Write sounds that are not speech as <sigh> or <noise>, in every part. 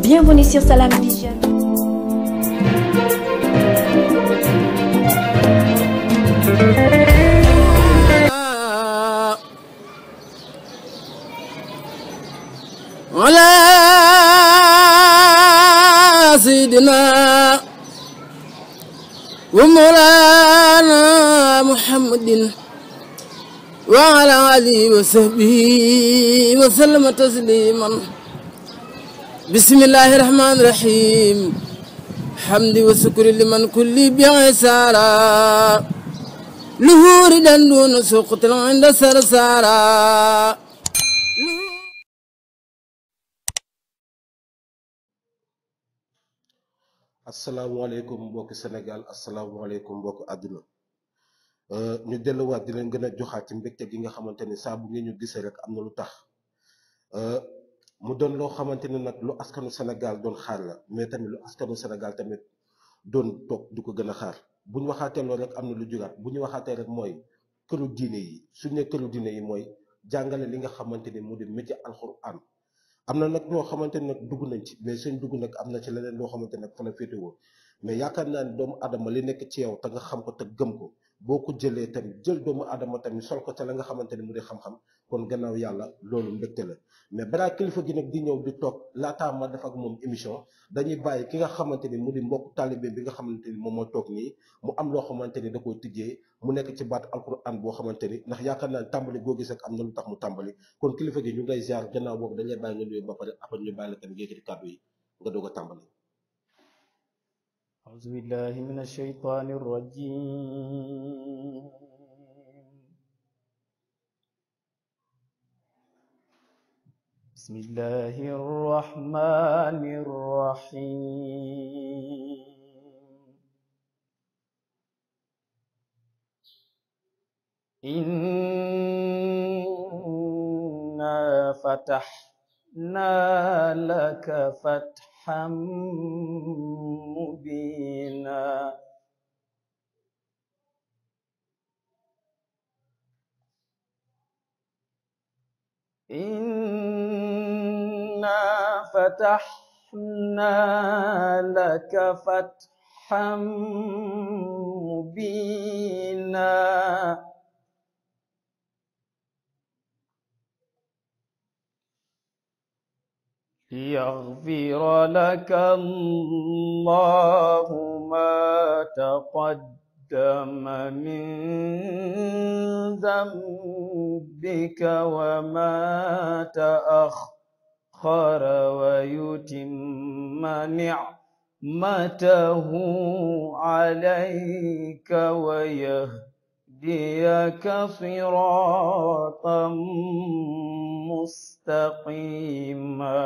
Bienvenue sur Salam Vision. على سيدنا ومولانا محمد وعلى آله وصحبه وسلم تسليما bismillahi rahmaani rahim hamdi wa sukuri liman kulli bi'i sara luhuri dan dunu suqtil inda sarsara asalaamaaleykum mbokki Sénégal asalaamaaleykum mbokki àdduna euh, ñu delluwaat di leen gën a joxaat ci mbégte gi nga xamante ni saa bu ngeen ñu gisee rek am na lu tax euh, mu doon loo xamante ne nag lu askanu Sénégal doon xaar la mais tamit lu askanu Sénégal tamit doon toog du ko gën a xaar bu ñu waxaatee rek am na lu jugaat bu ñu waxaatee rek mooy këru diine yi suñu ne këru diine yi mooy jàngale li nga xamante ni mu di métier alxuraan am na nag ñoo xamante ne nag dugg nañ ci mais suñ dugg nag am na ci leneen loo xamante ne nag fa la féetewoo mais yaakaar naa ne doomu adama li nekk ci yow te nga xam ko te gëm ko boo ko jëlee tamit jël doomu aadama tamit sol ko ca la nga xamante ne mu di xam-xam kon gannaaw yàlla loolu mbégte la mais balaa kilifa gi nag di ñëw di toog laataa ma def ak moom émission dañuy bàyyi ki nga xamante ni mu di mbokk taalibe bi nga xamante ni moom moo toog nii mu am loo xamante ni da koo tijjee mu nekk ci baat alquran boo xamante ni ndax yaakaar naa tàmbali goo gis ak am na lu tax mu tàmbali kon kilifa gi ñu ngay ziar boobu dañ lay bàyyi nga nuyu ba pare après ñu bàyyi la tamit yëkkati kàddu yi nga a tàmbali أعوذ بالله من الشيطان الرجيم بسم الله الرحمن الرحيم إنا فتحنا لك فتحا صبحا مبينا إنا فتحنا لك فتحا مبينا ليغفر لك الله ما تقدم من ذنبك وما تأخر ويتم نعمته عليك ويهديك يهديك صراطا مستقيما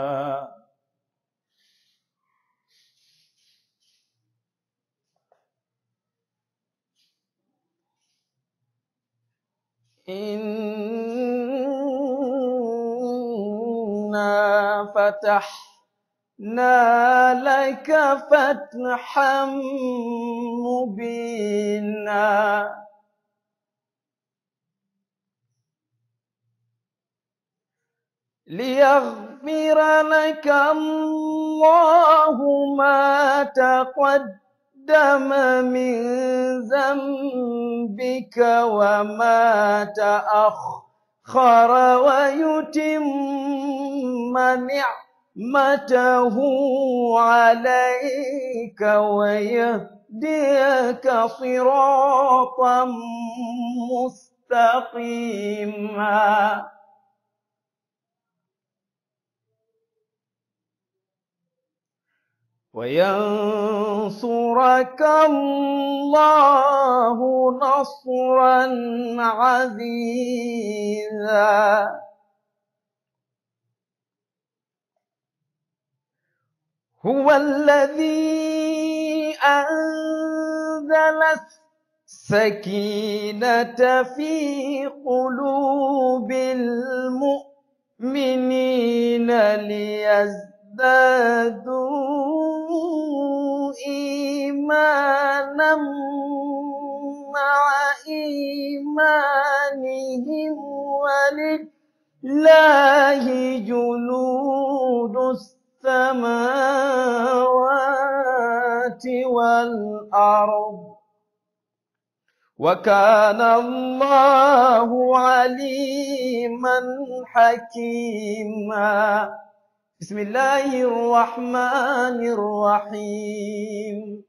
إنا فتحنا لك فتحا مبينا ليغفر لك الله ما تقدم من ذنبك وما تأخر ويتم نعمته عليك ويهديك صراطا مستقيما وينصرك الله نصرا عزيزا هو الذي انزل السكينه في قلوب المؤمنين ليزدادوا إيمانا مع إيمانهم ولله جنود السماوات والأرض وكان الله عليما حكيما بسم الله الرحمن الرحيم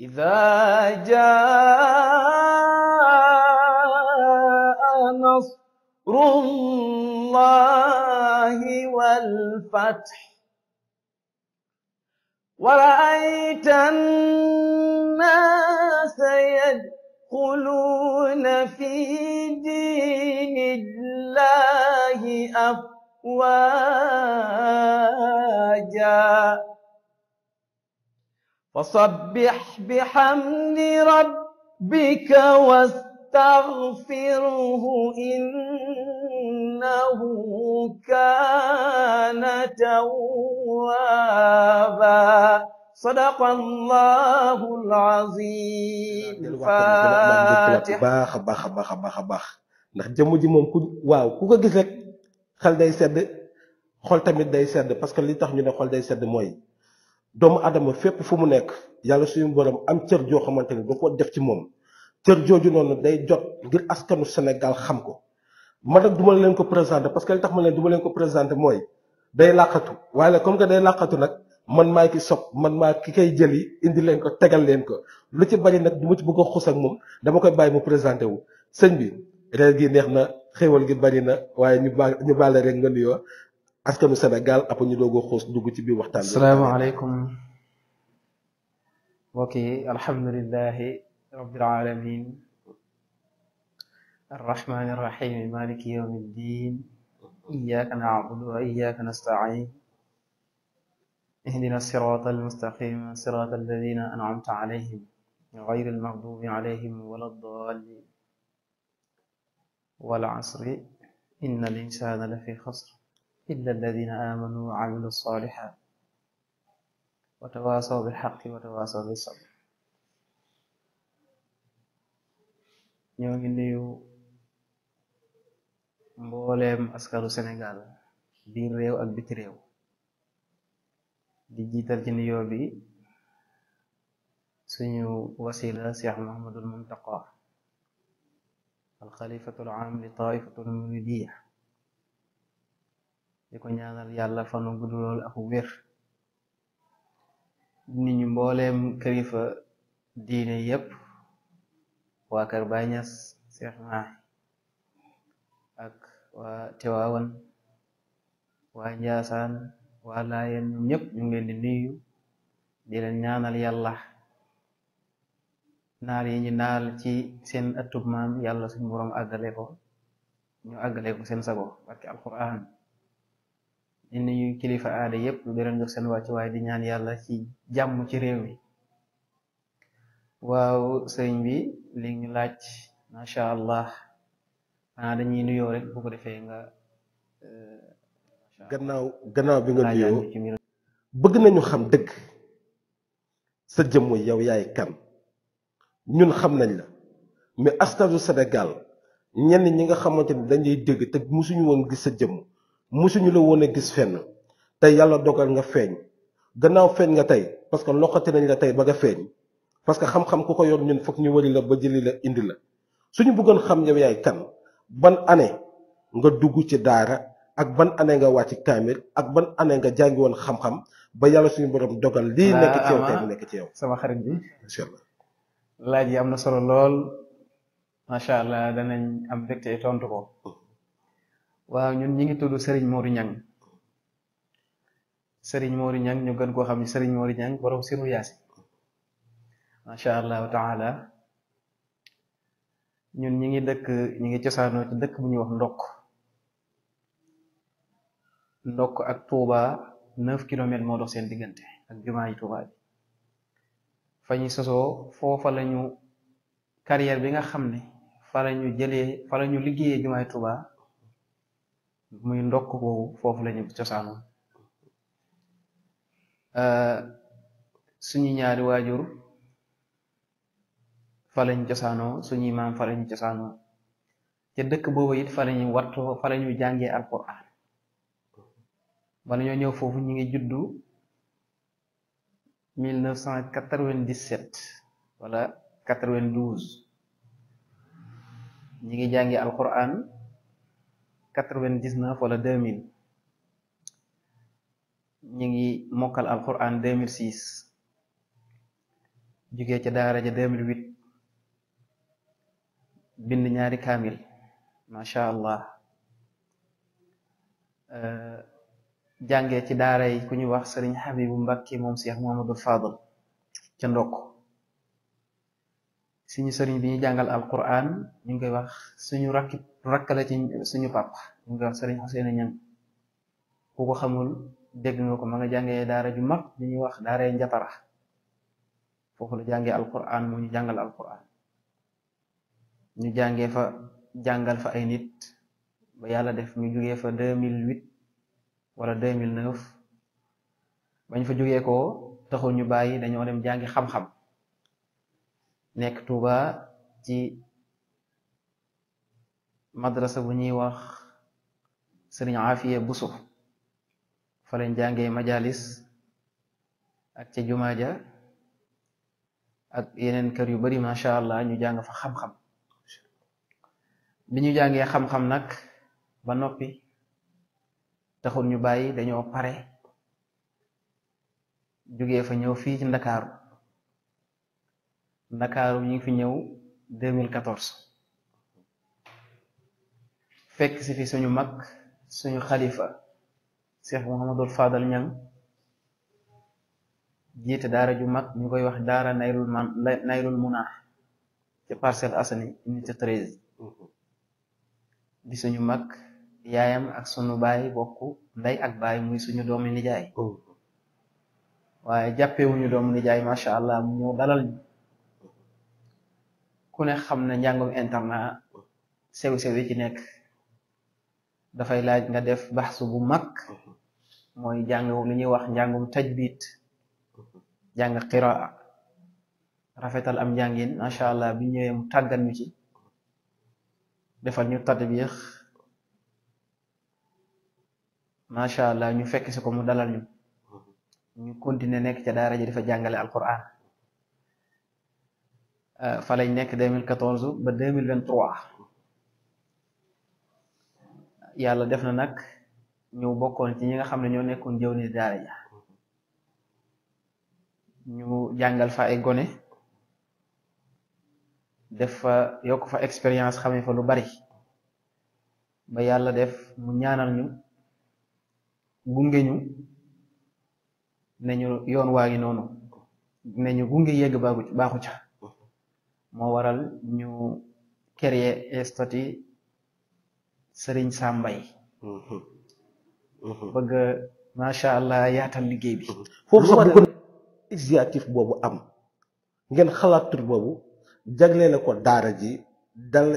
إذا جاء نصر الله والفتح ورأيت الناس يدخلون في دين الله أفضل أفواجا فصبح بحمد ربك واستغفره إنه كان توابا صدق الله العظيم فاتح baax a baax a baax a baax a baax ndax jëmm ji moom ku waaw ku ko gis rek xel day sedd xol tamit day sedd parce que li tax ñu ne xol day sedd mooy doomu adama fépp fu mu nekk yàlla suñu borom am cër joo xamante ni da ko def ci moom cër jooju noonu day jot ngir askanu Sénégal xam ko man nag duma leen ko présenté parce que li tax ma leen duma leen ko présenté mooy day làqatu waaye comme que day làqatu nag man maa ki sob man maa ki koy jëli indi leen ko tegal leen ko lu ci bari nag du ci bëgg a xus ak moom dama koy bàyyi mu présenté wu sëñ bi neex na xéewal gi bari na waaye ñu baal ñu baale rek nga nuyoo askanu Sénégal après ñu doog a xuus dugg ci biir waxtaan bi. salaamaaleykum mbokk yi alhamdulilahi rabbil alamin arrahmani arrahimi maliki yawmi ddin iyyaka na'budu wa iyyaka nasta'in ihdina sirata almustaqim sirata alladina an'amta alayhim ghayril maghdubi alayhim wala ddallin wal asri inna al insana la fi xasr illa alladina amanu wa amilu salihat wa tawasaw bil haqqi wa tawasaw bis sabr ñoo ngi nuyu mbooleem askaru Sénégal biir réew ak biti réew di jiital ci nuyoo bi suñu wasila Cheikh Muhammadul Muntaqa alxalifatul aam li taifatul muridiya di ko ñaanal yàlla fanu gudd lool ak wér nit ñu mbooleem kilifa diine yépp waa Kër Ñas Seex Maahi ak waa Tiwaawan waa Njaasaan waa Laayeen ñoom ñëpp ñu ngi di nuyu di ñaanal yàlla naar yi ñu naal ci seen ëttub maam yàlla suñ boroom àggale ko ñu àggale ko seen sago barke alquran ni ñu kilifa aada yépp di leen seen wàccu waaye di ñaan yàlla ci jàmm ci réew mi waaw sëñ bi li ñu laaj macha allah xanaa dañuy nuyoo rek bu ko defee nga euh, gannaaw gannaaw bi nga nuyoo bëgg nañu xam dëgg sa jëmm yow yaay kan ñun xam nañ la mais askanu Sénégal ñenn ñi nga xamante ni dañuy dégg te musuñu woon gis sa jëmm musuñu la woon a gis fenn te yàlla dogal nga feeñ gannaaw feeñ nga tey parce que loxati nañ la tey ba nga feeñ parce que xam-xam ku ko yor ñun foog ñu wari la ba jëli la indi la suñu buggoon xam yow yaay kan ban année nga dugg ci daara ak ban année nga wàcc kaamil ak ban année nga jàngi woon xam-xam ba yàlla suñu borom dogal lii nekk ci yow tey mu nekk sama xarit bi laaj yi am na solo lool macha allah danañ am mbégte tontu ko waaw ñun ñi ngi tudd Serigne Modou Niang Serigne Modou Niang ñu gën koo xam ne Serigne Modou Niang borom siru yaasi macha allah taala ñun ñi ngi dëkk ñi ngi cosaanoo dëkk bu ñuy wax ndokk ndokk ak Touba neuf kilomètres moo dox seen diggante ak jumaa yi fa ñu sosoo foofa la ñu carrière bi nga xam ne fa la ñu jëlee fa la ñu liggéeyee jumaay Tuuba muy ndokk boobu foofu la ñu cosaanoon euh, suñu ñaari waajur fa cosaanoo suñuy maam fa la cosaanoo te dëkk boobu it fa la ñu wattoo fa la ñu jàngee alquran bala ñoo ñëw foofu ñu ngi juddu mille neuf cent quatre wala quatre vingt ñi ngi jàngi alquran quatre-vingt-dix-neuf wala deux ñi ngi mokkal alquran deux mille six jugee ca daara ja deux mille huit bind ñaari kaamil macha allah jàngee ci daara yi ku ñuy wax sëriñ Habibu Mbàkke moom Cheikh Muhammadul Fadal ca ndokk suñu sëriñ bi ñu jàngal alquran ñu ngi koy wax suñu rakk ci suñu pàpp ñu ngi koy wax sëriñ xamul dégg ko ma jàngee daara ju mag li ñuy wax daara njatara foofu jàngee alquran moo ñu jàngal alquran ñu fa jàngal fa ay nit ba yàlla def ñu jógee fa 2008 wala 2009 bañ fa jógee ko taxul ñu bàyyi dañoo dem jàngi xam-xam nekk Touba ci madrasa bu ñuy wax sëriñ Afiya Buso fa lañ jàngee majalis ak ca jumaa ja ak yeneen kër yu bari macha allah ñu jàng fa xam-xam bi ñu jàngee xam-xam nag ba noppi taxul ñu bàyyi dañoo pare jógee fa ñëw fii ci ndakaaru ndakaaru ñu fi ñëw 2014 fekk si fi suñu mag suñu xalifa Cheikh Mouhamadul Fadal Niang jiite daara ju mag ñu koy wax daara nayrul man ci Parcelles Assainies mm-hmm. di suñu mag yaayam ak sunu baay bokk ndey ak baay muy suñu doomi nijaay oh. waaye jàppewuñu doomu nijaay macha allah mu dalal ku ne xam ne njàngum internat sew-sew yi ci nekk dafay laaj nga def baxsu bu mag mooy jàng li ñuy wax njàngum tajbit jàng qiraa rafetal am njàngin macha allah bi ñëwee mu tàggat ñu ci defal ñu tatbiix macha allah ñu fekk si ko mu dalal ñu mhm. ñu continuer nekk ca daara ji dafa jàngale Alquran euh, fa lañ nekk 2014 ba 2023 yàlla def na nag ñu bokkoon ci ñi nga xam ne ñoo nekkoon jëw ni daara ja ñu jàngal fa ay gone def fa yokk fa expérience xamee fa lu bari ba yàlla def mu ñaanal ñu. gunge ñu ñu yoon waa ngi noonu ne ñu gunge yegg baaxu baaxu ca moo waral ñu créer statut Serigne Sam Mbaye bëgg macha allah yaatal liggéey bi. foofu sax bëggoon initiative boobu am ngeen xalaatul boobu jagleele ko daara ji dal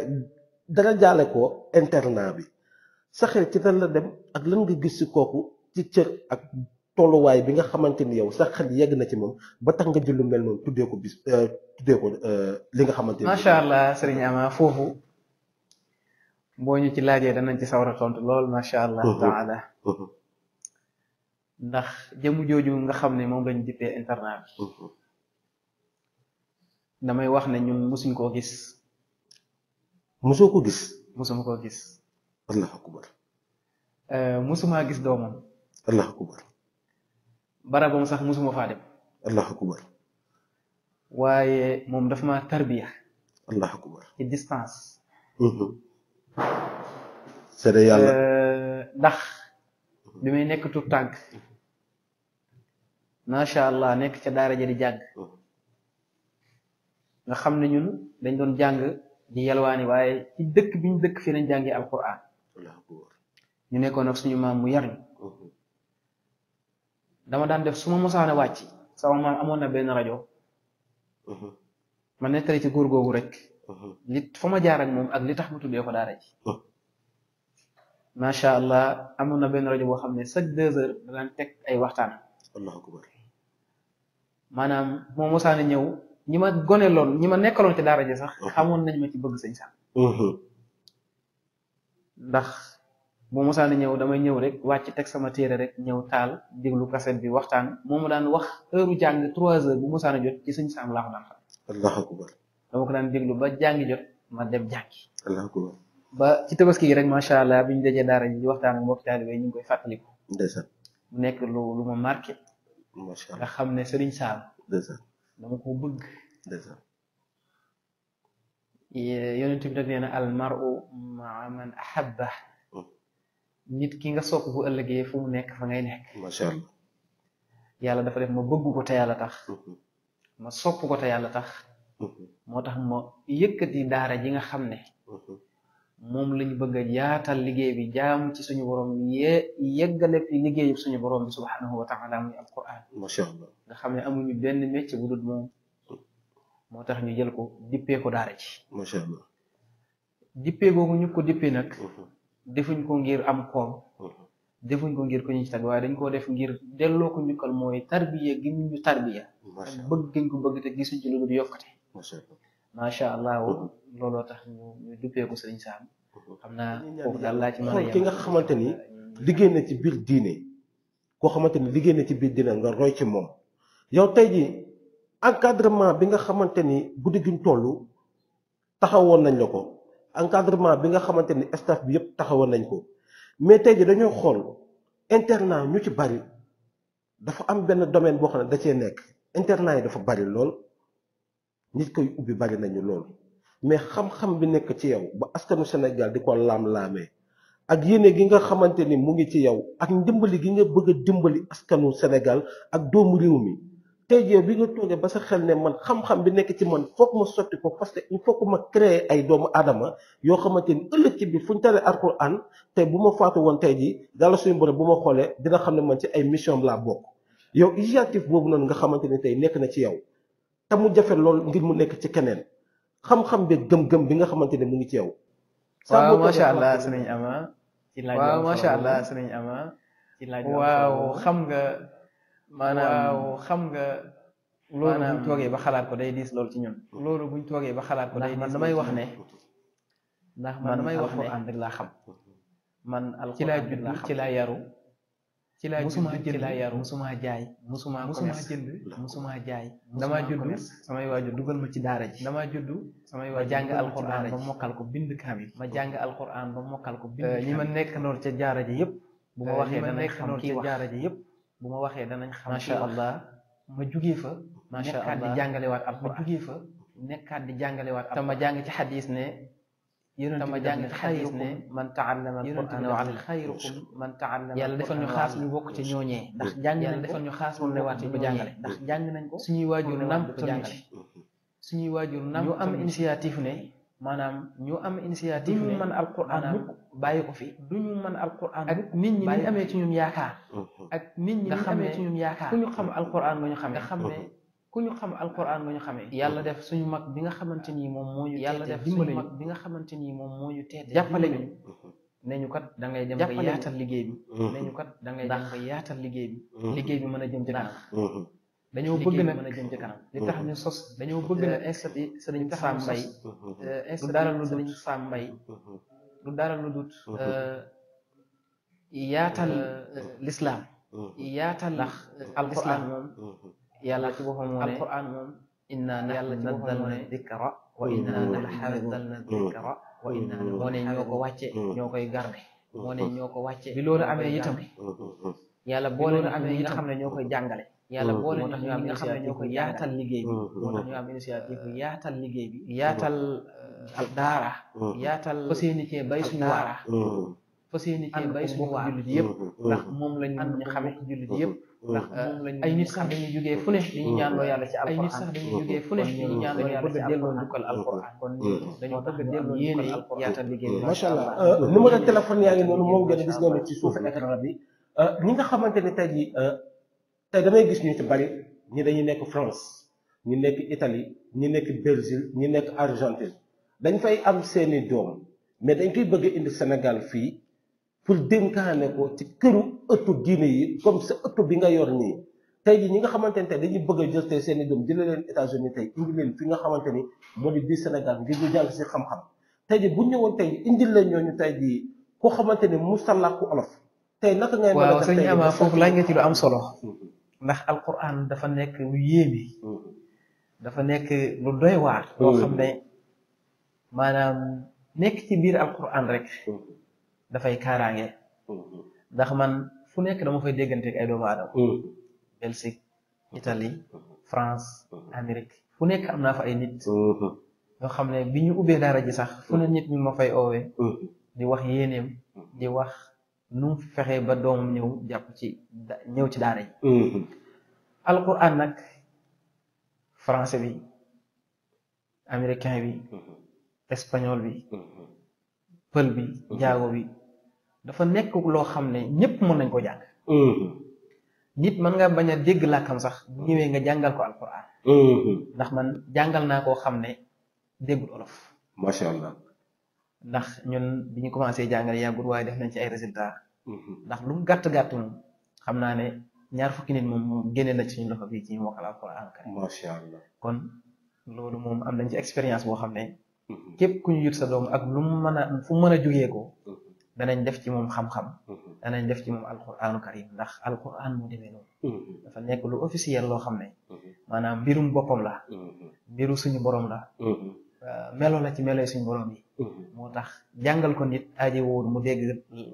dara jaale ko internat bi saxee ci lan la dem ak lan nga gis si kooku. ci cër ak tolluwaay bi nga xamante ni yow sax xel yegg na ci moom ba tax nga jël lu mel noonu tuddee ko bis euh, tuddee ko euh, li nga xamante ni. macha allah sëriñ Ama foofu boo ñu ci laajee danañ ci sawar a tontu lool macha allah. Mhm. taala mhm. ndax jëm jooju nga xam ne moom lañu dippee internat mhm. damay wax ne ñun musuñ koo gis. musoo gis. musuma koo gis. allah akbar. Euh, musumaa gis doomam. allah akbar barabam sax mosuma faa dem allah akbar waaye moom dafa ma tarbiya allah akbar mhm. euh, bi may nekk tut tànk macha allah nekk ca daara ja di jàng mhm. nga xam ne ñun dañ doon jàng ji yalwaani waaye ci dëkk bi ñu dëkk fii lañ jàngee alquran ñu nekkoon ak suñu maam mu yar ñu mhm. dama daan def su ma mosaana wàcc sama maam amoon na benn rajo mhm. ma nettali ci góor googu rek mhm. li fa ma jaar ak moom ak li tax ma tuddee ko daara ji mhm. macha allah amoon na benn rajo boo xam ne chaque deux heures danañ teg ay waxtaan. allahu akbar maanaam moo mosaana ñëw ñi ma gone loon ñi ma nekkaloon ci daara ji sax. xamoon nañ ma ci bëgg sañ sax. ndax. bu mosaan ñëw damay ñëw rek wàcc teg sama téere rek ñëw taal déglu kaset bi waxtaan ma daan wax heure jàng trois heures bu mosaan jot ci sëñ Saam laa ko daan xam. déglu ba jàngi jot ma dem jàngi. allahu ba ci tabaski rek macha allah bi ñu dajee daara ji waxtaan ak mbokk taalibe ñu ngi koy fàttaliku. ndeysaan mu nekk lu lu ma xam ne sëriñ Saam. ndeysaan dama ko bëgg. ndeysaan yonent bi nag nee na al man ahabba nit ki nga sopp bu ëllëgee fu mu nekk fa ngay nekk. macha allah yàlla dafa def ma bëgg ko te yàlla tax. Mm-hmm. ma sopp ko te yàlla tax. Mm-hmm. moo tax ma yëkkati daara ji nga xam ne. Mm-hmm. moom lañ bëgg a yaatal liggéey bi jaam ci suñu borom yee yeggale fi liggéeyu suñu borom bi subhanahu wa taala muy alquran. nga xam ne amuñu benn métier bu dul moom. moo tax ñu jël ko dippee ko daara ji. macha allah dippee googu ñu ko dippee nag. defuñ ko ngir am koom mm-hmm. defuñ ko ngir ko ñu ci tag waaye dañ koo def ngir delloo ko njukkal mooy tarbiya gi ñu tarbiya bëgg giñ ko bëgg te gisuñ ci lu dul yokkate macha allah mm-hmm. looloo tax ñu ñu duppee ko sëriñ Sam mm-hmm. xam naa foofu daal laa ci mën a ki nga xamante ni liggéey ci biir diine koo xamante ni liggéey na ci biir diine nga roy ci moom yow tey ji encadrement bi nga xamante ni guddi giñ toll taxawoon nañ la ko encadrement bi nga xamante ni staff bi yëpp taxawal nañ ko mais tey ji dañoo xool internat ñu ci bari dafa am benn domaine boo xam ne da cee nekk internat yi dafa bari lool nit koy ubbi bari nañu lool mais xam-xam bi nekk ci yow ba askanu Sénégal di ko laam laame ak yéene gi nga xamante ni mu ngi ci yow ak ndimbali gi nga bëgg a dimbali askanu Sénégal ak doomu réew mi. tey jii bi nga toogee ba sa xel ne man xam-xam bi nekk ci man foog ma sotti ko parce que il faut que ma créer ay doomu aadama yoo xamante ni ëllëg ci bi fu ñu talee alquran tey bu ma faatu woon tey jii yàlla suñu borom bu ma xoolee dina xam ne man ci ay mission laa bokk yow initiative boobu noonu nga xamante ne tey nekk na ci yow te mu jafe lool ngir mu nekk ci keneen xam-xam bi gëm-gëm bi nga xamante ne mu ngi ci yow. waaw macha allah sëriñ Ama. ci laaj waaw macha allah sëriñ Ama. ci laaj waaw xam nga. maanaam xam nga. loolu bu ñu toogee ba xalaat ko day diis loolu ci ñun. loolu bu ñu toogee ba xalaat ko day diis man damay wax ne. ndax man damay wax ne alxuraan rek laa xam. man alxuraan rek laa xam ci laa judd ci laa yaru. ci laa judd ci laa yaru musuma jaay. musuma commerce jënd musuma jaay. damaa judd samay waajur dugal ma ci daara ji. damaa judd samay waajur jàng alxuraan ba mokkal ko bind kaamil. ma jàng alxuraan ba mokkal ko bind kaamil. ñi ma nekk noor ca jaara ji yëpp. bu ma waxee danañ xam kii wax bu ma waxee danañ xam macha allah ma jugee fa macha allah nekkaat di jàngalewaat alquran ma jugee fa nekkaat di jàngalewaat alquran ma jàng ci xadis ne yonent ma jàng ci xadis ne man ta alquran wa ala xayrukum man taallama yàlla defal ñu xaas ñu bokk ci ñooñee ndax jàng nañ yàlla defal ñu xaas mu newaat di ko jàngale ndax jàng nañ ko suñuy waajur namp ci suñuy waajur namp ñu am initiative ne maanaam ñu am initiative du ñu mën alquran bàyyi ko fi du ñu mën alquran mhm. ak nit ñi ñu amee ci ñun yaakaar ak nit ñi ñu amee ci ñun yaakaar ku ñu xam alquran nga ñu xamee nga xam ne mhm. ku ñu xam alquran nga ñu xamee yàlla def suñu mag bi nga xamante nii moom moo ñu yàlla def suñu mag bi nga xamante nii moom moo ñu teete jàppale ñu mhm. ne ñu kat da ngay dem ba yaatal liggéey bi ne ñu kat da ngay dem ba yaatal liggéey bi liggéey bi mën a jëm ci dara dañoo bëgg nag a jëm kanam li tax ñu sos dañoo bëgg nag institut yi sa Sam Mbaye institut euh, dara lu sëriñ Sam Mbaye euh, yaatal euh, lislaam yaatal ndax alquran moom yàlla ci boppam moo ne alquran moom yàlla ci boppam moo ne dikra wa inna nahnu wa inna ñoo ko wàcce ñoo koy garde moo ñoo ko wàcce bi loolu amee itam yàlla boole na amee yi nga xam ne ñoo koy jàngale yàlla mmh. boole ñu am nga xam ne ñoo koy yaatal liggéey bi mmh. moo tax ñu am mmh. initiative bu euh, yaatal liggéey bi yaatal euh, daara yaatal fas yéene cee bay suñu waara fas yéene cee bay suñu waara jullit yëpp ndax moom lañ am ñu xame ci jullit yëpp ndax ay nit sax dañuy jógee fu ne dañuy ñaanloo yàlla ci alquran ay nit sax dañuy jógee fu ne dañuy ñaanloo yàlla ci delloo njukkal alquran kon dañoo bëgg a delloo yéene yaatal liggéey bi macha allah euh, numéro téléphone yaa noonu moom ngeen gis noonu ci suuf écran bi ñi nga xamante ne tey damay gis ñu ci bari ñi dañu nekk France ñi nekk itali ñi nekk Brésil ñi nekk Argentine dañ fay am seeni doom mais dañ koy bëgg indi Sénégal fii pour dénkaane ko ci këru ëttu diine yi comme sa ëttu bi nga yor nii tey jii ñi nga xamante ni tey dañuy bëgg a jël tey seeni doom jëlee leen États-Unis tey indi leen fi nga xamante ni moo di biir Sénégal ngir ñu jàng si xam-xam tey jii bu ñëwoon tey indi leen ñooñu tey jii koo xamante ni mu sàllaaku olof tey naka ngay mën a. waaw sëñ Ama foofu laaj nga ci lu am solo. Hmm. ndax alquran dafa nekk lu yéeme hmm. dafa nekk lu doy waar hmm. loo xam ne maanaam nekk ci biir alquran rek hmm. dafay kaaraange ndax man fu nekk dama fay déggante ak ay doomu aadama Belgique Italie France Amérique fu nekk am naa fa ay nit ñoo xam ne bi ñu ubbee daara ji sax fu ne nit ñu ma fay oowee di wax yéeneem di wax nu mu fexee ba doomam ñëw jàpp ci ñëw ci daara ji mm-hmm. alquran nag français bi américain bi mm-hmm. espagnol bi mm-hmm. pël bi jaago bi dafa nekk loo xam ne ñépp mën nañ ko jàng nit mën nga bañ a dégg làkkam sax bu ñëwee nga jàngal ko alquran ndax man jàngal naa koo xam ne déggul olof macha allah ndax ñun bi ñu commencé jàngale yàggul waaye def nañ ci ay résultat mhm. ndax lu mu gàtt gàtt moom xam naa ne ñaar fukki nit moom moom génne na ci suñu loxo ci ñu mokkal alquran karim. macha kon loolu moom am nañ ci expérience boo xam ne. Mhm. képp ku ñu yut sa doom ak lu mu mën a fu mën a jugee ko. Mhm. danañ def ci moom xam-xam. danañ def ci moom alquranu karim ndax alquran moo demee noonu. dafa nekk lu officiel loo xam ne. maanaam mbirum boppam la. mbiru suñu borom la. Euh, melo la ci melo suñu borom yi. Mm-hmm. moo tax jàngal ko nit aaje woon mu dégg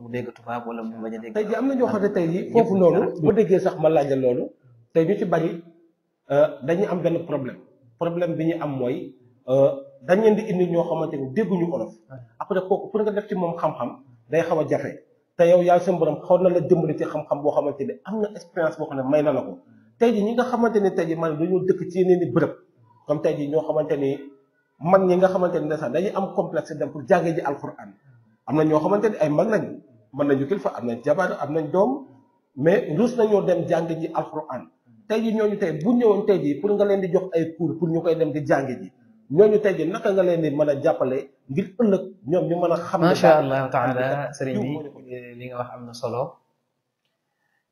mu dégg tubaab wala mu bañ a dégg. tey am na ñoo xam ne tey jii foofu noonu. bu déggee sax ma laajal loolu. tey ñu ci bari euh, dañuy am benn problème problème bi ñu am mooy euh, dañ leen di indi ñoo xamante ni dégguñu olof. après kooku pour nga def ci moom xam-xam day xaw jafe te yow yaa seen borom xaw na la dimbali ci xam boo xamante ni am na boo xam ne may na la ko mm. ñi nga xamante ne tey jii man dañoo dëkk ci yeneen i bërëb comme tey jii ñoo xamante ni man ñi nga xamante ne sax dañuy am complexe dem pour jànge ji alxuraan am na ñoo xamante ni ay mag lañu mën nañu kilifa am nañ jabar am nañ doom mais ruus nañoo dem jàng ji alxuraan tey ji ñooñu tey bu ñëwoon tey ji pour nga leen di jox ay cours pour ñu koy dem di jàng ji ñooñu tey ji naka nga leen di mën a jàppale ngir ëllëg ñoom ñu mën a xam macha allah taala sëriñ li nga wax am na solo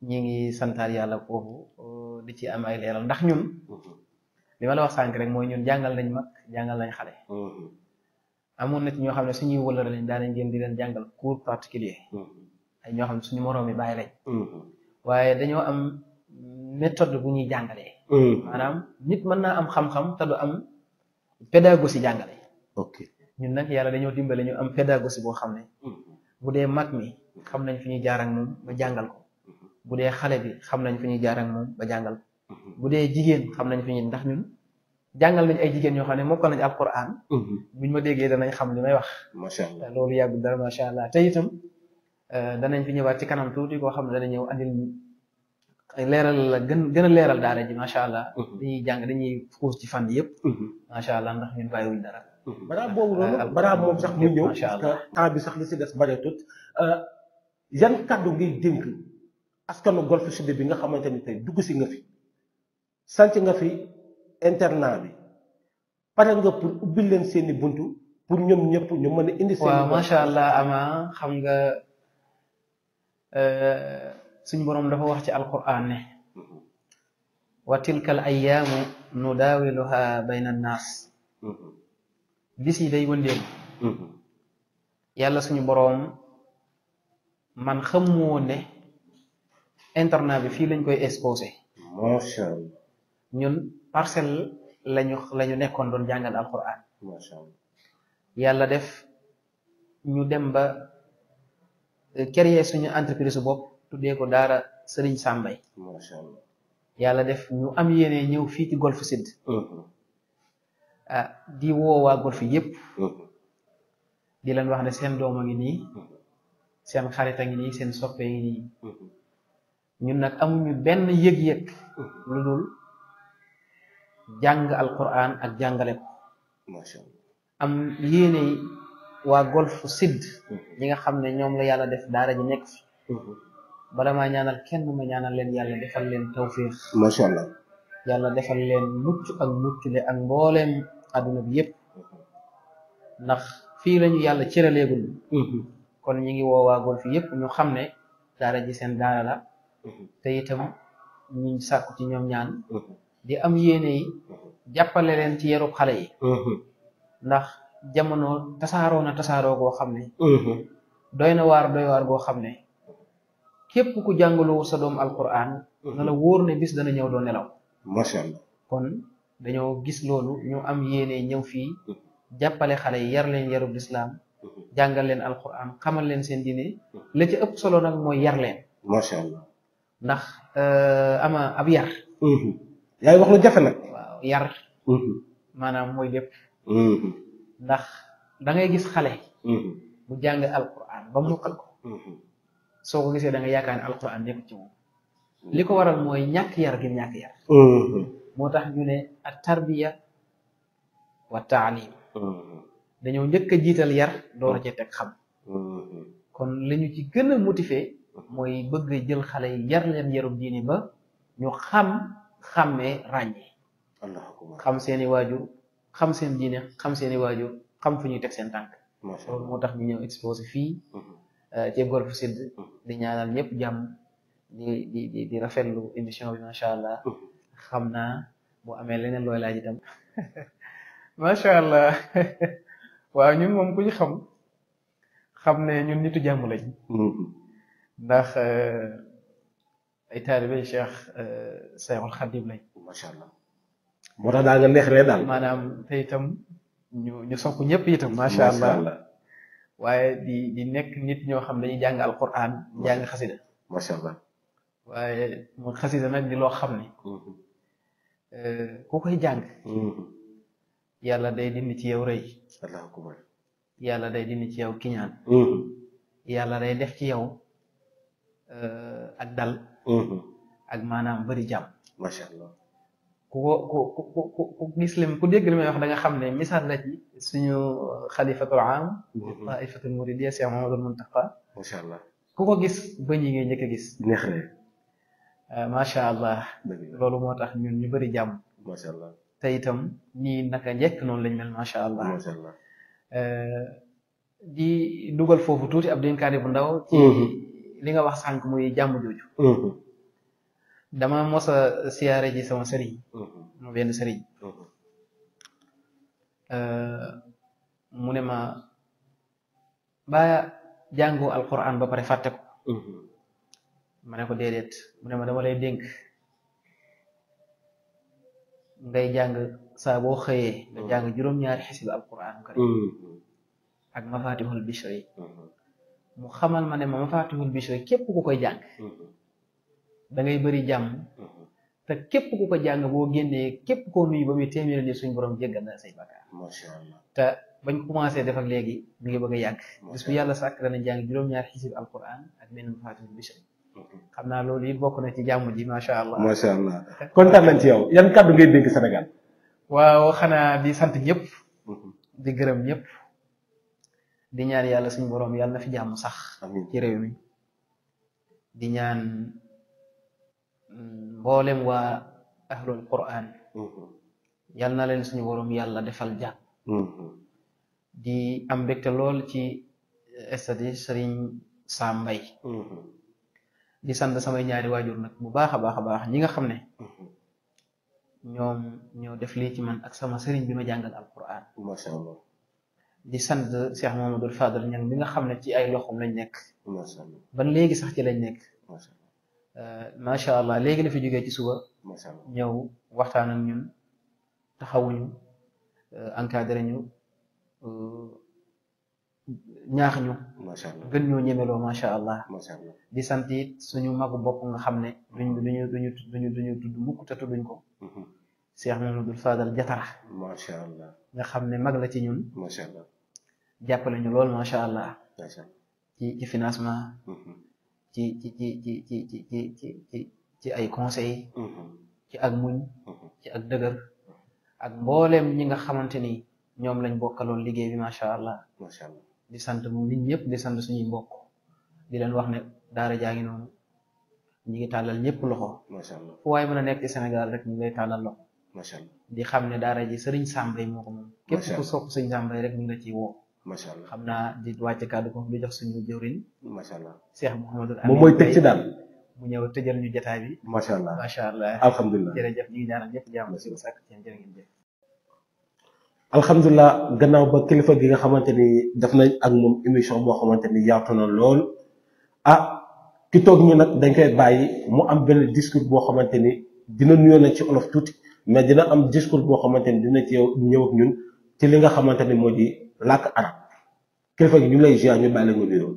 ñi ngi santaar yàlla foofu di ci am ay leeral ndax ñun mm-hmm. li ma la wax sànq rek mooy ñun jàngal nañ mag jàngal nañ xale. Mm-hmm. amoon na ci ñoo xam ne suñuy wëlër lañ daan nañ di leen jàngal cours particulier. Mm-hmm. ay ñoo xam ne suñu moroom yi bàyyi lañ. Mm-hmm. waaye dañoo am méthode bu ñuy jàngalee. maanaam nit mën naa am xam-xam te du am pédagogie jàngale. ok ñun nag yàlla dañoo dimbale ñu am pédagogie boo xam ne. bu dee mag mi xam nañ fi ñuy jaar moom ba jàngal ko. bu dee xale bi xam nañ fu ñuy jaar moom ba jàngal Mhm. bu dee jigéen xam nañ fi ñun ndax ñun jàngal nañ ay jigéen ñoo xam ne mokkal nañ bu mhm. buñ ma déggee danañ xam li may wax. macha allah loolu yàggul dara macha allah te itam euh, danañ fi ñëwaat ci kanam tuuti koo xam ne dana ñëw andil leeral la gën gën a leeral daara ji macha allah. Mhm. dañuy jàng dañuy xuus ci fànn yëpp. macha allah ndax ñun bàyyiwuñ dara. balaa moom sax ñu ñëw parce que bi sax li si des bareetut euh, yan kàddu ngay dénk askanu golfe sud bi nga xamante ni tey dugg si nga fi sanc nga fi internat bi pare nga pour ubbi leen seeni buntu pour ñoom ñëpp ñu mën a indi seen waaw macha allah ama xam nga euh, suñu boroom dafa wax ci alquran ne mhm. wa tilka al ayaamu nudaawiluha bayna naas mhm. bis yi day wëndeel mhm. yàlla suñu boroom man xamu woon ne internat bi fii lañ koy exposé ñun parcelle lañu lañu nekkoon doon jàngal alquran macha allah yàlla def ñu dem ba euh, créer suñu entreprise bopp tuddee ko daara Serigne Sambay yàlla def ñu am yéene ñëw fii ci Golf sidd mm-hmm. ah di woo Golf yëpp mm-hmm. di leen wax ne seen doom ngi nii mm-hmm. seen xarit a ngi nii seen soppe ngi nii ñun nag amuñu benn yëg-yëg lu dul jàng alquran ak jàngale ko macha am yéene yi waa golf sidd hmm. ñi nga xam ne ñoom la yàlla def daara ji nekk hmm. bala maa ñaanal kenn ma ñaanal leen yàlla defal leen tawfiq macha allah yàlla defal leen mucc ak muccule ak mbooleem adduna bi yépp hmm. ndax fii lañu yàlla cëraleegul kon ñi ngi woo waa golf yépp ñu xam ne daara ji seen daara la te itam ñu sàkku ci ñoom ñaan di am yéene jàppale leen ci yarub xale yi mm-hmm. ndax jamono tasaaroo na tasaaroo goo xam ne mm-hmm. doy na waar doy waar goo xam ne képp ku jàngaloo sa doom alquran mm-hmm. na la wóor ne bis dana ñëw doo nelaw macha kon dañoo gis loolu ñoo am yéene ñëw fii jàppale xale yi yar leen yarub lislaam jàngal leen alquran xamal leen seen diine la ci ëpp solo nag mooy yar leen macha ndax euh, ama ab yar yaay wax na jafe nag. yar. Mm-hmm. maanaam mooy lépp. Mm-hmm. ndax da gis xale. Mm-hmm. bu jàng alquran ba mokkal ko. soo ko gisee da nga yaakaar ne alquran nekk ci moom. li ko waral mooy ñàkk yar gi ñàkk yar. moo tax ñu ne at tarbiya wa taalim. dañoo njëkk a jiital yar door ci teg xam. kon li ci gën a motiver. mooy bëgg jël xale yi yar leen yarub diini ba ñu xam. xàmmee ràññee xam seeni waajur xam seen diine xam seeni waajur xam fu ñuy teg seen tànk loolu moo tax ñu ñëw exposé fii mhm. euh, ci Golf Sud mhm. di ñaanal ñëpp jàmm di di di di rafetlu émission bi macha allah mhm. xam naa bu amee leneen looy laaj itam <laughs> macha allah <laughs> waaw ñun moom ku ñu xam xam ne ñun nitu jàmm lañ ndax euh, ay taalibe Cheikh euh, Seexul Xadim lañ. macha allah moo tax daa nga daal. maanaam te itam ñu ñu sopp ñëpp itam. macha allah waaye di di nekk nit ñoo xam ne dañuy jàng alquran jàng xasida. macha allah waaye mu xasida nag di loo xam ne. Mm-hmm. Euh, ku koy jàng. Mm-hmm. yàlla day dindi ci yow rëy. yàlla day dindi ci yow kiñaan. Mm-hmm. yàlla day def ci yow euh, ak dal. Mm-hmm. ak maanaam bari jàmm. macha ku ko ku ku ku ku dégg li may wax da xam ne misaal la ci suñu xalifatul am. Mm-hmm. taifatul muridiyya Cheikh Mamadou Muntaqa. macha allah ku ko gis bëñ yi ngay njëkk gis. neex na eh, allah. loolu moo tax ñun ñu bari jàmm. macha allah te itam naka njëkk noonu lañ mel macha allah. macha allah eh, di dugal foofu tuuti ab dénkaane bu ndaw. li nga wax sànq muy jàmm jooju mm-hmm. dama mos a siyaare ji sama sëriñ mu mm-hmm. benn sëriñ mm-hmm. euh, mu ne ma ba jàngu alquran ba pare fàtte ko ma ne ko déedéet mu ne ma dama lay dénk ngay jàng saa boo xëyee nga jàng juróom-ñaari xisib alquran karim ak mafatihul bishri yi mu xamal ma ne ma mafaatihul bichri képp ku koy jàng mm-hmm. da ngay bëri jàmm mm-hmm. te képp ku ko jàng boo génnee képp koo nuyu ba muy téeméer ni suñ borom jéggal na say bakkaar masha Allah te bañ commencé def ak léegi mu ngi bëgg a yàgg bis bu yàlla sàkk dana jàng juróom-ñaar xisib alquran ak benn mafaatihul bichri mm-hmm. xam naa loolu it bokk na ci jàmm ji macha allah macha allah kontaan nañ ci yow yan kàddu ngay dégg Sénégal waaw xanaa di sant ñëpp di gërëm ñëpp di ñaan yàlla suñu borom yàlla na fi jàmm sax ci réew mi di ñaan mm, mboolem waa ahlul quran mm-hmm. yàlla na leen suñu borom yàlla defal jàmm mm-hmm. di am mbégte lool ci eh, stade sëriñ saa Mbay mm-hmm. di sant samay ñaari waajur nag bu baax a baax a baax ñi nga xam ne ñoom ñoo def lii ci man ak sama sëriñ bi ma jàngal alquran ma sha Allah di sant Cheikh Mamadou Fadal ñang bi nga xam ne ci ay loxoom lañ nekk. macha ba léegi sax ci lañ nekk. macha allah euh, macha allah léegi la fi jógee ci suba. macha ñëw waxtaan ak ñun taxawuñu euh, encadré ñu euh, ñaax ñu. macha allah gën ñoo ñemeloo macha allah. macha allah di sant it suñu magu bopp nga xam ne. duñ duñu duñu duñu duñu tudd mukk te tudduñ ko. Mhm. Cheikh Mamadou Fadal jatara. macha allah nga xam ne mag la ci ñun. macha jàppale ñu lool macha allah. ci ci financement. Mm-hmm. ci ci ci ci ci ci ci ci ay conseils. Mm-hmm. ci ak muñ. Mm-hmm. ci ak dëgër. ak mbooleem ñi nga xamante ni ñoom lañ bokkaloon liggéey bi macha allah. macha di sant moom nit ñëpp di sant suñuy mbokk di leen wax ne daara jaa ngi noonu ñu ngi tàllal ñëpp loxo. macha allah fu waaye mën a nekk ci Sénégal rek ñu ngi lay loxo. di xam ne daara ji sëriñ Samb yi moo ko moom. képp ku sopp sëriñ Samb rek ñu ngi la ciy woo. macha allah xam naa di wàcce kàddu ko di jox suñu jëwriñ. macha allah Cheikh Mouhamadul moom mooy tëj ci daal. mu ñëw tëjal ñu jotaay macha allah macha allah alhamdulilah jërëjëf ñu ngi ñaanal ñëpp jàmm si sàkk ci jërë ngeen jëf. alhamdulilah gannaaw ba kilifa gi nga xamante ni def nañ ak moom émission boo xamante ni yaatu na lool ah ki toog ñu nag dañ koy bàyyi mu am benn discours boo xamante ni dina nuyoo na ci olof tuuti mais dina am discours boo xamante ni dina ci ñëw ñun ci li nga xamante ni moo di. làkk arab kilifa gi ñu lay ziar ñu bàyyi la ñu nuyoo.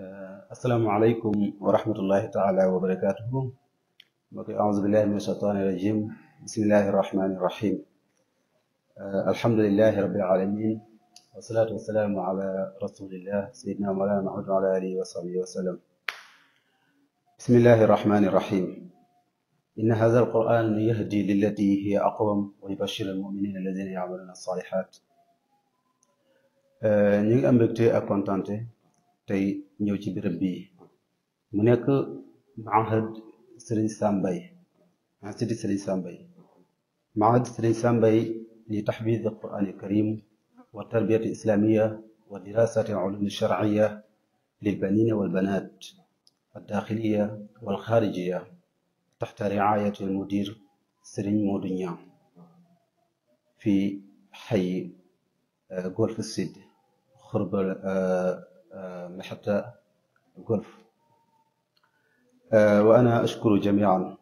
Euh, asalaamaaleykum wa rahmatullahi taala wa barakaatuhu mbokk yi aouzu billahi min ashaytaani rajim bismillahi rahmaani rahim euh, alhamdulilahi rabbil alamin wasalaatu wasalaamu ala rasulillah sayidina mawlana mahmud wa ala alihi wa sahbihi wa sallam bismillahi rahmaani rahim إن هذا القرآن يهدي للتي هي أقوم ويبشر المؤمنين الذين يعملون الصالحات Euh, ñu ngi am mbégte ak kontante tey ñëw ci béréb bii mu nekk mahad Serigne Sam Mbaye ah, institut Serigne Sam Mbaye mahad Serigne li tahfiz al-Qur'an al-Karim wa tarbiyat al-islamiyya wa dirasat al-ulum al-shar'iyya lil-banina wal-banat ad-dakhiliyya wal-kharijiyya tahta ri'ayat al-mudir fi hayy euh, Golf Sud قرب محطة جولف وأنا أشكر جميعا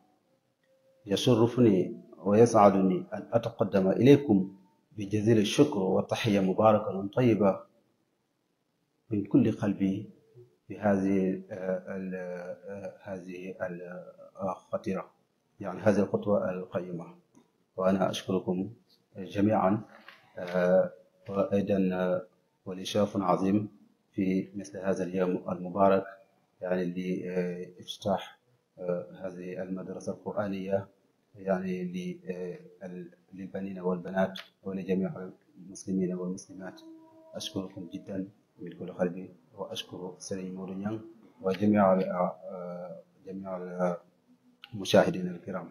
يشرفني ويسعدني أن أتقدم إليكم بجزيل الشكر والتحية مباركة طيبة من كل قلبي بهذه هذه الخطيرة يعني هذه الخطوة القيمة وأنا أشكركم جميعا وأيضا والإشاف عظيم في مثل هذا اليوم المبارك يعني لإفتتاح هذه المدرسة القرآنية يعني للبنين والبنات ولجميع المسلمين والمسلمات أشكركم جدا من كل قلبي وأشكر سيدي مورينيان وجميع جميع المشاهدين الكرام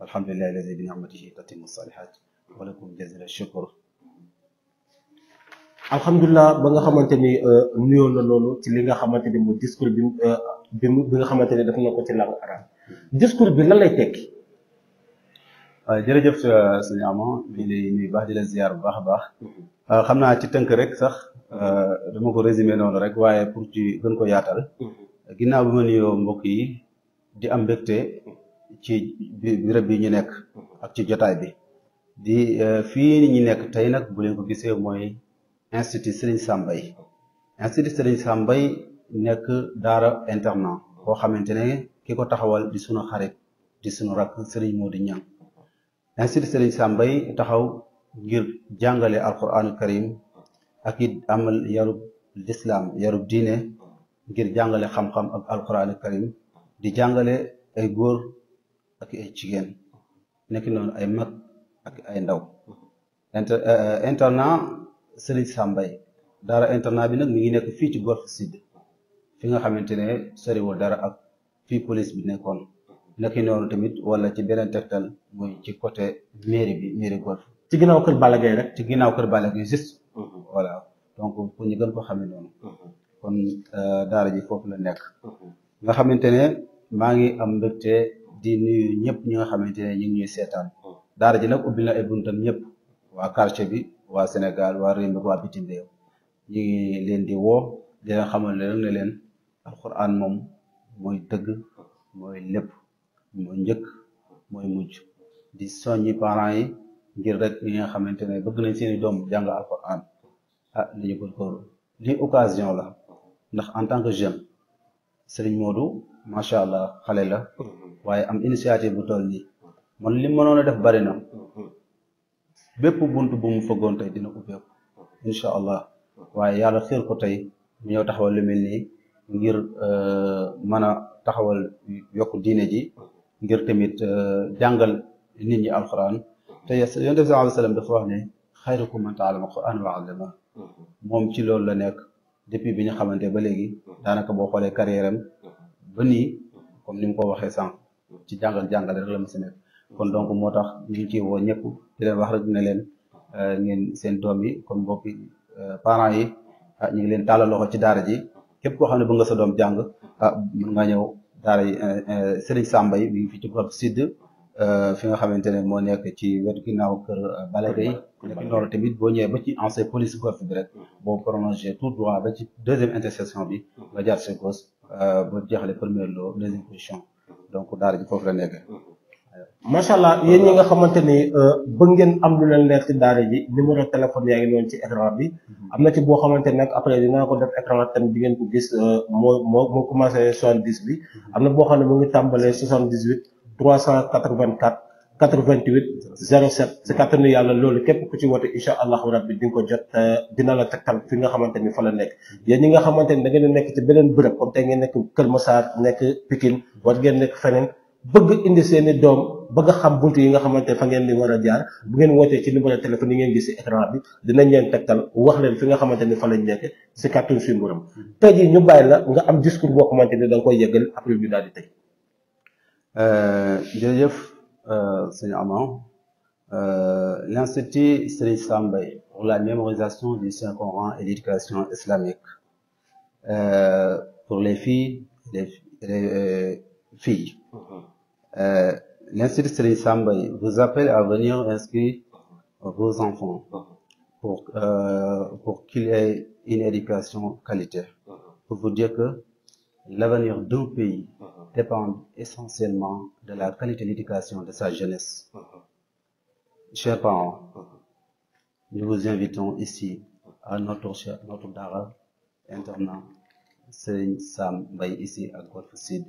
والحمد لله الذي بنعمته تتم الصالحات ولكم جزيل الشكر alhamdulilah ba nga xamante ni euh, nuyoo la loolu ci li nga xamante ni mu discours bi euh, bi bi nga xamante ni def na ko ci langue arabe discours bi lan lay tekki. waaw euh, jërëjëf sëñ Ama di lay nuyu baax di la ziar bu baax a baax xam naa ci tënk rek sax dama ko résumé noonu rek waaye pour ci gën ko yaatal. Mhm. ginnaaw bi ma nuyoo mbokk yi di am mbégte ci béréb yi ñu nekk. ak ci jotaay bi. di fii ñi nekk tey nag bu leen ko gisee mooy. institut Serigne Sam Mbaye institut Serigne Sam nekk daara internat boo xamante ne ki ko taxawal di sunu xarit di sunu rakk Serigne Modou Niang institut Serigne Sam taxaw ngir jàngale alquranu karim ak it amal yarub lislaam yarub diine ngir jàngale xam-xam ak alquranu karim di jàngale ay góor ak ay jigéen nekk noonu ay mag ak ay ndaw euh, euh, internat Serigne Sambay daara internat bi nag mi ngi nekk fii ci Golf Sud fi nga xamante ne soriwul dara ak fii police bi nekkoon nekk noonu tamit wala ci beneen tegtal mooy ci côté mairie bi mairie Golf. ci ginnaaw kër Balla Gaye rek. ci ginnaaw kër Balla Gaye juste. Mhm. voilà donc pour ñu gën ko xamee noonu. Mhm. kon euh, daara ji foofu la nekk. Mhm. xamante ne maa ngi am mbégte di nuyu ñëpp ñi xamante ne ñu ngi seetaan. daara ji nag ubbi na ay buntam ñëpp waa quartier bi. waa Sénégal waa réew mi waa bitim réew ñu ngi leen di woo di leen xamal ne ne leen alquran moom mooy dëgg mooy lépp mooy njëkk mooy mujj di soññi parent yi ngir rek ñi nga xamante ne bëgg nañ seeni doom jàng alquran ah nañu góorgóorlu lii occasion la ndax en tant que jeune Serigne Modou macha allah xale la mm-hmm. waaye am initiative bu toll nii man li mënoon def bari na bépp bunt bu mu fëggoon tey dina ubbeeku incha allah waaye yàlla xiir ko tey mu ñëw taxawal lu mel nii ngir euh, mën a taxawal yokk diine ji ngir tamit euh, jàngal nit ñi alquran te yonent bi sallallahu alayhi wa sallam dafa wax ne xayrukum man ta'allama alquran wa 'allama moom ci loolu la nekk depuis bi ñu xamante ba léegi daanaka boo xoolee carrière am ba nii comme ni mu ko waxee sànq ci jàngal jàngale rek la ma si nekk kon donc moo tax ñu ci woo ñëpp di leen wax rek ne leen euh, ngeen seen doom yi kon mbokki euh, parents yi ah, ñu ngi leen tàllal loxo ci daara ji képp koo xam ne bëgg nga sa doom jàng a ah, mën nga ñëw daara yi euh, Serigne Samba yi mi ngi fi ci Golf fi nga xamante ne moo nekk ci wetu ginnaaw kër Balla Gaye nekk noonu tamit boo ñëwee ba ci ancien police Golf bi rek boo prolongé tout droit ba ci deuxième intersection bi nga jaar sa gauche ba jeexale première loo deuxième position donc daara ji foofu la nekk macha allah yéen ñi nga xamante ni euh, bëgg ngeen am lu leen leer ci daara ji numéro téléphone yaa ngi noonu ci écran bi mhm. am na ci boo xamante ni nag après dinaa ko def écran tamit di ngeen euh, moo moo moo commencé soixante dix bi mhm. am na boo xam ne mu ngi tàmbalee soixante dix huit trois cent quatre vingt quatre quatre képp ku ci wote incha allahu ko jot dina la tegtal nga xamante ni fa la nekk mhm. yéen ñi nga xamante ni da ngeen nekk ci beneen bërëb comme tey ngeen nekk Kër Massar nekk Pikine war ngeen nekk feneen bëgg indi seeni doom bëgg xam buntu yi nga xamante fa ngeen di war a jaar bu ngeen wootee ci numéro téléphone yi ngeen gis si écran bi dinañ leen tal wax leen fi nga xamante ni fa lañ nekk si kàttan suñu borom tey jii ñu bàyyi la nga am discours boo xamante ni da koy yeggal après ñu daal di tey euh, euh, sëñ Amand euh, l'institut Serigne Sam Mbaye pour la mémorisation du Saint Coran et l'éducation islamique euh, pour les filles les, filles l'Institut euh, Serigne Sambay vous appelle à venir inscrire vos enfants pour, euh, pour ait une éducation qualitaire. Pour vous dire que l'avenir d'un pays dépend essentiellement de la qualité de l'éducation de sa jeunesse. Chers parents, nous vous invitons ici à notre, dara internat Serigne Sam ici à Golf Sud.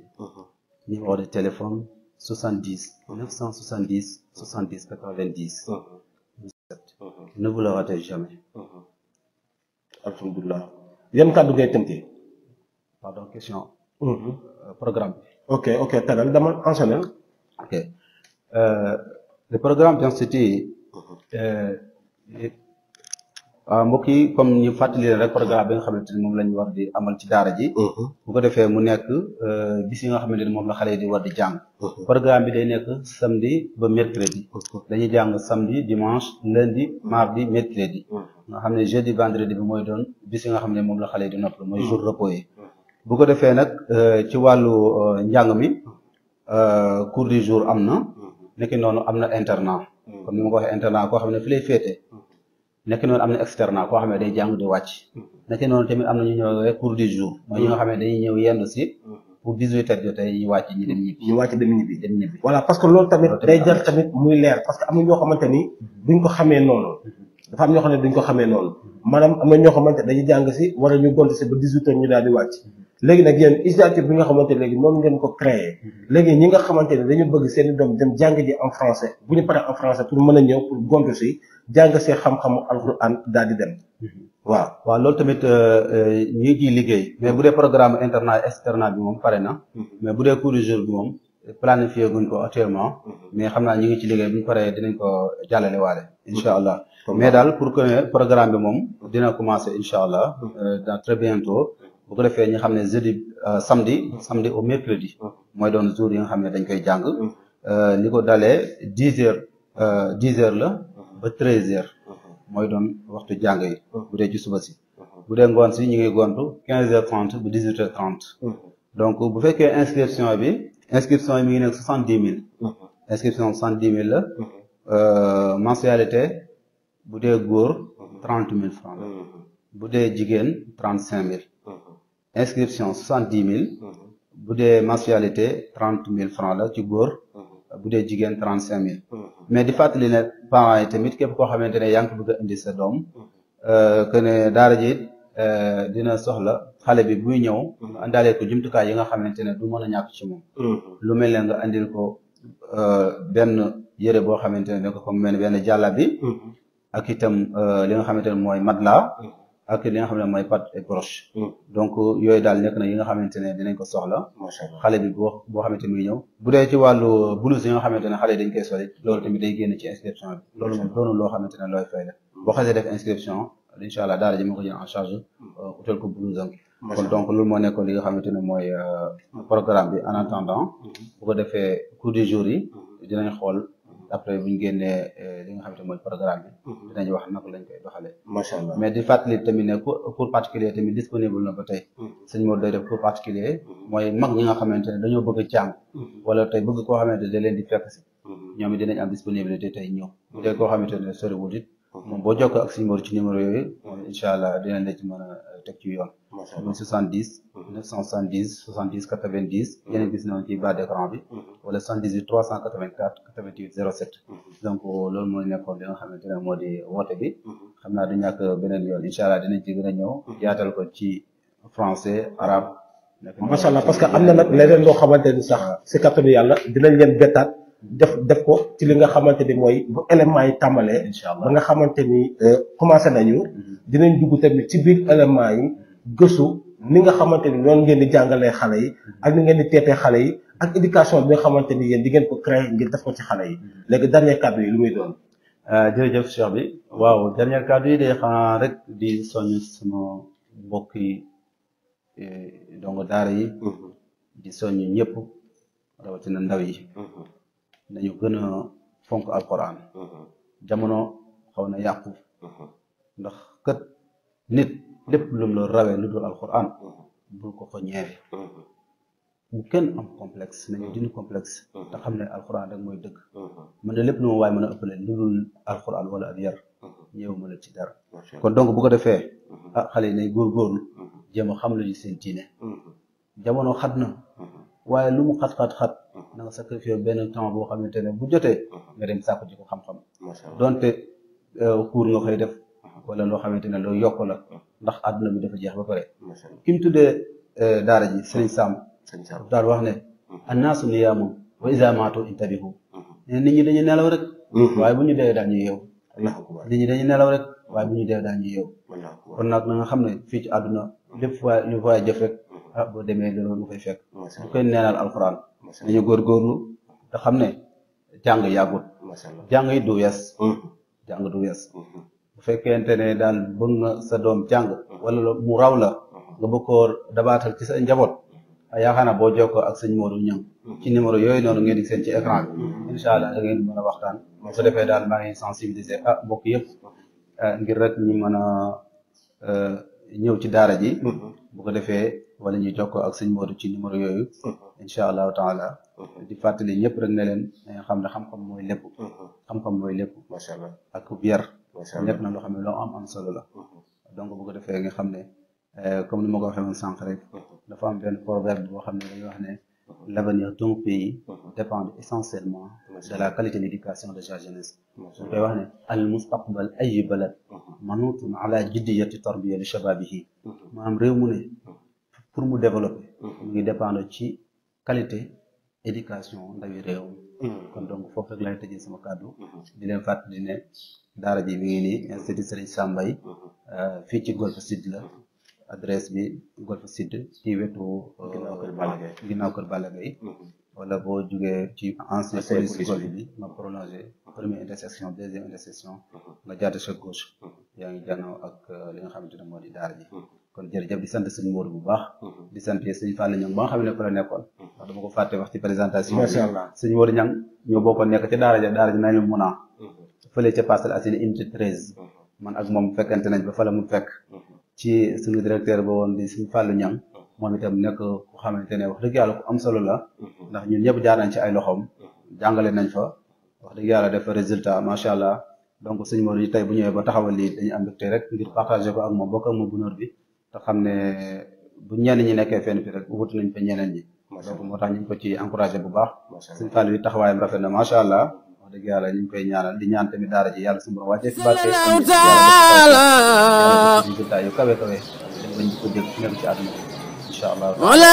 Numéro de téléphone 70 970 70 90. ne vous le ratez jamais. Uh-huh. alhamdulilah yan kàddu ngay tënkee. pardon question. Uh-huh. Euh, programme ok ok tegal dama enchaîner. ok euh, le programme d' institut. Uh-huh. Euh, Ah, mbokk yi comme ñu fàttali rek programme bi nga xamante ni moom la ñu war di amal ci daara ji. Mm-hmm. bu ko defee mu nekk euh, bis nga xamante ni moom la xale yi di war di jàng. Mm-hmm. programme bi day nekk samedi ba mercredi. Mm-hmm. dañuy jàng samedi dimanche lundi mardi mercredi. nga xam ne jeudi vendredi bi mooy doon bis nga xam ne moom la xale yi di noppal mooy jour repos yi. bu ko defee nag euh, ci wàllu euh, njàng mi cours du jour am na. nekki noonu am na internat. comme ni ma ko internat koo xam ne fi lay féete. nekk noonu am na externat koo xam ne day jàng di wàcc mm-hmm. nekk noonu tamit am na ñu ñëw cours du jour mooy ñi nga mm-hmm. wàcc ñu wàcc dem ñibbi dem ñibbi parce que loolu tamit day jar tamit muy leer parce que am ñoo xamante ni mm-hmm. duñ ko xamee noonu dafa am xam ne duñ ko xamee noonu maanaam am na ñoo xamante dañuy jàng si wala ñu gont si ba dix ñu daal di wàcc léegi nag yéen initiative bi nga xamante ne léegi moom ngeen ko créé léegi ñi nga xamante ne dañu bëgg seen i doom dem jàng ji en français bu ñu paree en français pour mën a ñëw pour gontu si jàng see xam-xamu alquran daal di dem. Mhm. waaw waaw loolu tamit euh, euh, ñu ngi ciy liggéey. mais bu dee programme internat externat bi moom pare na. Mhm. mais bu dee cours du bi moom planifié guñ ko actuellement. Mhm. mais xam naa ñu ngi ci liggéey bu ñu paree dinañ ko jàllale waale. incha allah mais daal pour que programme bi moom dina commencé incha allah. Euh, dans bien bientôt. bu ko defee ñu xam ne jeudi samedi. samedi au mercredi. mooy doon jour yi nga xam ne dañ koy jàng. ni ko dalee dix heures dix la. ba treize heures uh-huh. mooy doon waxtu jàng yi uh-huh. bu dee ci suba si uh-huh. bu dee ngoon si ñu ngi gontu quinze heures trente bu dix huit heures trente donc bu fekkee inscription bi inscription yi mi ngi nekk soixante dix mille inscription soixante mille la euh, mensualité bu dee góor trente mille la bu dee jigéen trente cinq mille inscription soixante bu dee mensualité trente mille francs la ci góor bu dee jigéen trente cinq mille mais di fàttali ne parents yi tamit képp koo xamante ne yaa ngi indi sa doom euh, que daara ji euh, dina soxla xale bi buy ñëw àndaale ko jumtukaay yi nga xamante ne du mën a ñàkk ci moom lu mel ne nga andil ko euh, benn yëre boo xamante ne da ko comme mel benn jàlla bi ak itam li nga xamante ne mooy matelas ak li nga xam ne mooy pâte et broche. Mm. donc yooyu daal nekk na yi nga xamante ne dinañ ko soxla. xale bi boo boo xamante ni muy ñëw. bu dee ci wàllu blouse yi nga xamante ne xale yi dañ koy soli loolu tamit day génne ci inscription bi. loolu loo xamante ne looy fay la. Mm. boo xasee def inscription incha allah daara ji ma ko jël en charge. Mm. Euh, utal ko blouse donc loolu moo nekkoon li nga xamante ne mooy euh, programme bi en attendant. Mm-hmm. bu ko defee cours du jour yi. Mm-hmm. dinañ xool. après bu ñu génnee euh, li nga xamante mooy programme bi. Mhm. dinañ wax naka lañ koy doxalee. macha allah mais di fàttali tamit ne pour particulier tamit disponible na ba tey. Mhm. sëñ Mor day def cours particulier mhm. mooy mag ñi nga xamante ne dañoo bëgg a jàng. wala tey bëgg koo xamante ne da leen di fekk si. ñoom it dinañ am disponibilité tey ñëw. bu dee koo xamante ne soriwul it. moom boo jokkoo ak sëñ Mor ci numéro yooyu. incha allah dinañ la ci mën teg ci yoon. macha allah 70. 970 70 90. yeneen gis nañu ci bas d'écran bi. Mm-hmm. wala 78 384 88 07. donc loolu moo nekkoon li nga xamante ne moo di woote bi. Mm-hmm. xam naa du ñàkk beneen yoon incha allah dinañ ci gën a ñëw. Mm-hmm. yaatal ko ci français arabe. macha allah parce que am na nag leneen loo xamante ni sax si kattanu yàlla dinañ leen bettaat. def def ko ci li nga xamante ni mooy bu éléments yi tàmbalee. incha ba nga xamante ni euh, commencé nañu. Mm-hmm. dinañ dugg tamit ci biir éléments yi gëstu ni nga xamante ni noonu ngeen di jàngalee xale yi mm-hmm. ak ni ngeen di teetee xale yi ak éducation bi nga xamante ni yéen di ngeen ko créer ngir def ko ci xale yi. Mm-hmm. léegi dernier kàddu yi lu muy doon. Euh, jërëjëf Cheikh bi waaw dernier kàddu yi de xanaa rek di soññ suma mbokk yi euh, dongo daara yi. di soññ ñëpp rawatina ndaw yi. nañu gën a fonk alquran mm-hmm. jamono xaw na yàqu mm-hmm. ndax kët nit lépp lu la rawee lu dul alquran mm-hmm. bul ko ko ñeewe bu kenn am complexe nañu dindi complexe te xam ne alquran rek mooy dëgg mën na lépp lu ma waaye mën a ëppale lu dul alquran wala ab yar ñëw mën a ci dara kon donc bu ko defee ah xale yi nañ góorgóorlu jéem a xam lu ci seen diine jamono xat na waaye lu mu xat-xat-xat Uh-huh. na nga sacrifier benn temps boo xamante ne bu jotee uh-huh. nga dem sàkku ji xam xam-xam donte euh, cours nga koy def uh-huh. wala loo xamante ne loolu yokk la ndax àdduna bi dafa jeex ba pare ki mu tuddee euh, daara ji sëriñ Sam daal wax ne annaasu niyaamun wa izaa maatu intabihu ne nit ñi dañuy nelaw rek waaye bu ñu dee daal ñu yeew nit ñi dañuy nelaw rek waaye bu ñu dee daal ñu yeew kon nag na nga xam ne fii ci àdduna lépp waay lu waay jëf rek ah boo demee loolu nu koy fekk du koy neenal alxuraan nañu góorgóorlu te xam ne jàng yàggut jàng yi du wees mm-hmm. jàng du wees mm-hmm. bu fekkente ne daal bëgg nga sa doom jàng mm-hmm. wala mu raw la nga bëgg koo dabaatal ci sa njaboot a yaakaar boo jokkoo ak sëñ Modou Niang ci numéro yooyu noonu ngeen di seen ci écran bi incha allah da ngeen mën a waxtaan su defee daal maa ngi sensibiliser ah bokk yëpp eh, ngir rek ñu mën a eh, ñëw ci daara ji bu ko defee wala ñu jokkoo ak sëñ Modou ci numéro yooyu. Mm-hmm. incha allahu taala. Mm-hmm. di fàttali ñëpp rek na leen dañoo xam ne xam-xam mooy lépp. Mm-hmm. xam-xam mooy lépp. macha allah ak yar. macha allah na loo xam ne loo am am solo la. donc bu ko defee nga xam ne euh, comme ni ma ko waxee woon sànq rek. dafa am benn proverbe boo xam ne dañuy wax ne. l'avenir d'un pays dépend essentiellement de la qualité de l'éducation de sa jeunesse dañ koy wax ne al mustaqbal ay balad manutun ala jiddiyati tarbiya li shababihi maanaam réew mu ne pour mu développer. mu mm-hmm. ngi dépendre ci qualité éducation ndawi réew mm-hmm. kon donc foofu rek laay tëjee sama kàddu. Mm-hmm. di leen fàttali ne daara ji mi ngi nii institut Serigne Samba yi euh, fii ci Golf Sud la adresse bi Golf sid ci wetu. Euh, ginnaaw kër Balla Gaye ginnaaw wala boo jugee ci ancien service golf bi ma prolongé première intersection deuxième intersection nga jaata sa gauche yaa ngi janoo ak euh, li nga xamante ne moo di daara ji. kon jërëjëf di sant suñu Modou bu baax mhm. di sant suñu Fallou Niang ba nga xam ne fa la nekkoon mhm. ndax dama ko fàtte wax ci présentation bi suñu Modou Niang ñoo bokkoon nekk ca daara ja daara ja nañu mun a mhm. fële ca Parcelles Assainies unité 13 man ak moom fekkente nañ ba fa la mu fekk ci suñu directeur ba woon di suñu Fallou Niang moom itam nekk ku xamante ne wax dëgg yàlla ko am solo la ndax ñun ñëpp jaar nañ ci ay loxoom jàngale nañ fa wax dëgg yàlla def résultat macha allah donc suñu Modou yi tey bu ñëwee ba taxawal lii dañu am rek ngir partager ak moom bokk ak moom bonheur bi te xam ne bu ñenn ñi nekkee fenn fi rek wutu nañ fa ñeneen ñi. donc moo tax ñu ngi ko ci encouragé bu baax. macha allah suñu fànn bi na macha allah. wax dëgg yàlla ñu ngi koy ñaanal di ñaan tamit daara ji yàlla suñu borom wàccee ci barke. résultat yu kawe kawe. dem bañ di ko dégg fu nekk ci àdduna bi incha allah. wala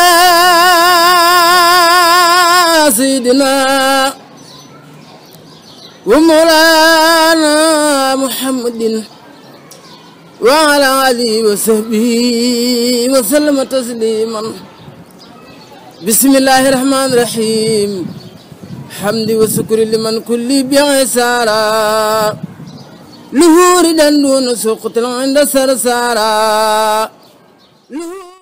sidina وعلى آله وصحبه وسلم تسليما بسم الله الرحمن الرحيم حمد وشكر لمن كل بعسارا لهور دندون سقط عند سرسارا